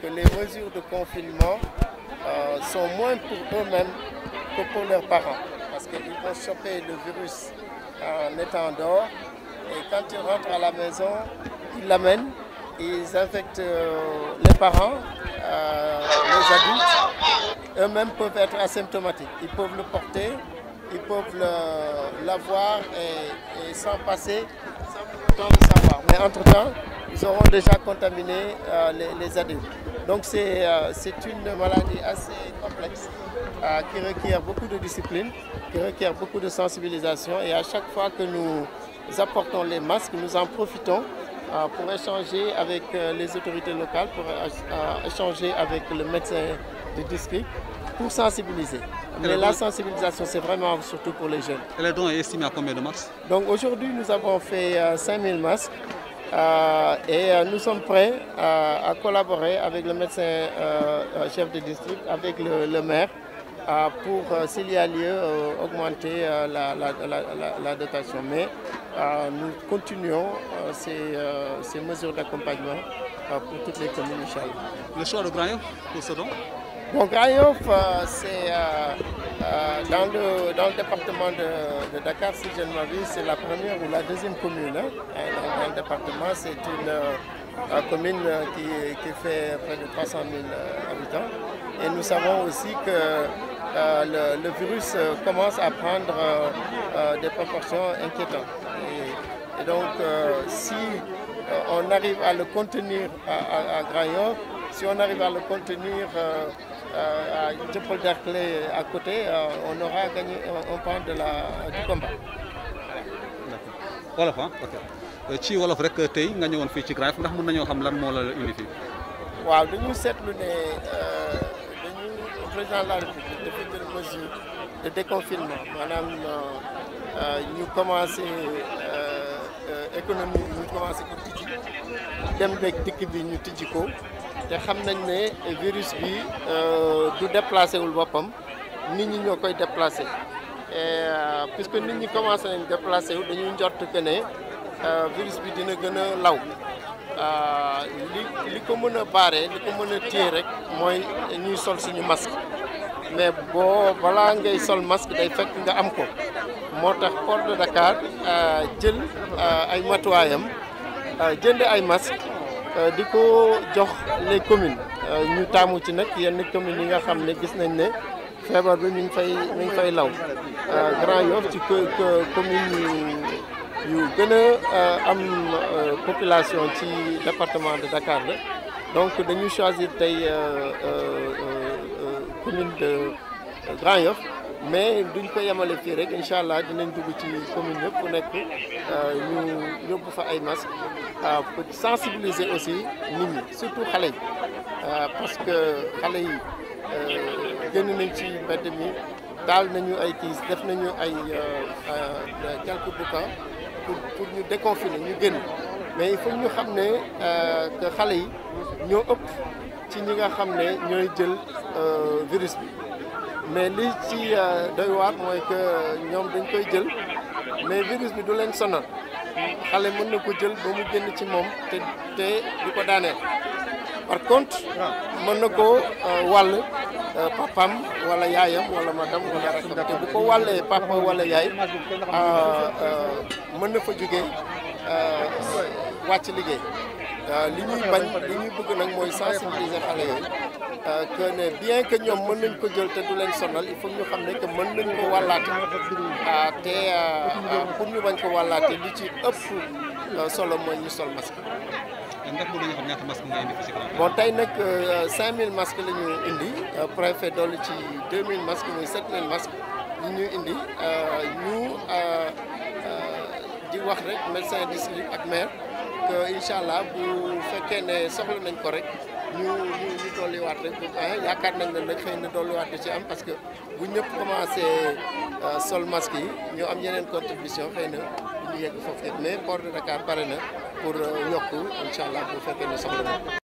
que les mesures de confinement euh, sont moins pour eux-mêmes que pour leurs parents. Parce qu'ils vont choper le virus euh, en étant dehors. Et quand ils rentrent à la maison, ils l'amènent, ils infectent euh, les parents, les adultes. Eux-mêmes peuvent être asymptomatiques. Ils peuvent le porter, ils peuvent l'avoir et, s'en passer sans savoir. Mais entre-temps, ils auront déjà contaminé euh, les, adultes. Donc euh, c'est une maladie assez complexe euh, qui requiert beaucoup de discipline, qui requiert beaucoup de sensibilisation et à chaque fois que nous apportons les masques, nous en profitons pour échanger avec les autorités locales, pour échanger avec le médecin du district pour sensibiliser. Mais la sensibilisation, c'est vraiment surtout pour les jeunes. Et les dons est estimé à combien de masques Donc aujourd'hui, nous avons fait 5000 masques. Euh, et euh, nous sommes prêts à collaborer avec le médecin euh, chef de district, avec le, maire, pour, s'il y a lieu, augmenter la, la, dotation. Mais nous continuons ces, mesures d'accompagnement pour toutes les communes, Le choix de pour ce don mon euh, c'est euh, euh, dans, le, dans, le, département de, Dakar, si je ne vie, c'est la première ou la deuxième commune. Un hein. département, c'est une commune qui, fait près de 300 000 habitants. Et nous savons aussi que le, virus commence à prendre des proportions inquiétantes. Et, donc, si on arrive à le contenir à, à, si on arrive à le contenir euh, euh, à Dieuppeul-Derklé à côté, euh, on aura gagné un point de la, du combat. wolof ah ok euh, ci wolof rek euh, tey nga ñëwoon fii ci Grand Yoff ndax mën nañoo xam lan moo la indi fii. waaw dañu seetlu ne dañu président de la République dafa jël mesure de déconfinement maanaam ñu commencé économie ñu commencé ko tijji dem beeg dikk bi ñu tijji ko. te xam nañ ne virus bi euh, du déplacé wul boppam nit ñi ñoo koy déplacé et euh, puisque nit ñi commencé nañ déplacé wu dañuy njort que ne euh, virus bi dina gën a law li li ko mën a baare li ko mën a téye rek mooy ñuy sol suñu masque mais boo balaa ngay sol masque day fekk nga am ko moo tax port de Dakar jël ay matuwaayam jënd ay masque Nous euh, jox les communes euh, ñu ci communes yi nga Grand commune population ci département de Dakar donc dañu choisir euh, commune de Grand mais duñ ko yemale fii rek inshallah dinañ dugg ci commune yëpp ku nekk euh, ñu yóbbu fa ay masque euh, pour sensibiliser aussi nit ñi surtout xale yi euh, parce que xale yi gën nañ ci mbedd mi daal nañu ay tiis def nañu ay quelques bouquins pour pour ñu déconfiner ñu gën mais il faut ñu xam ne que xale yi ñoo ëpp ci ñi nga xam ne ñooy jël virus bi. mais li ci euh, doy waar mooy que ñoom dañ koy jël mais virus bi du leen sonal xale mën na ko jël ba mu génn ci moom te te du ko daaneel par contre mën na ko euh, wàll euh, papam wala yaayam wala magam wala rakam te bu ko wàllee papa wala yaay mën na fa jógee wàcc liggéey li ñuy bañ li ñuy bëgg nag mooy sensibiliser xale yooyu Euh, que ne bien que ñoom mën nañ ko jël te du leen sonal il faut ñu xam ne que mën nañ ko wàllaate euh, te euh, pour ñu bañ ko wàllaate li ci ëpp solo mooy ñu sol masque. ndax mënuñu xam ñaata masque nga tey nag 5000 masques la ñu indi préfet dolli ci 2000 masques muy 7000 masques yi ñu indi ñu di wax rek médecin district ak maire. incha allah bu fekkee ne soxla nañ ko rek ñu ñu ñu dolliwaat rek yaakaar nañ ne nag xëy na dolliwaat ci am parce que bu ñëpp commencé euh, sol masque yi ñu am ñeneen contribution xëy na ñu yegg foofu mais port de Dakar pare na pour euh, yokk incha bu fekkee ne soxla nañ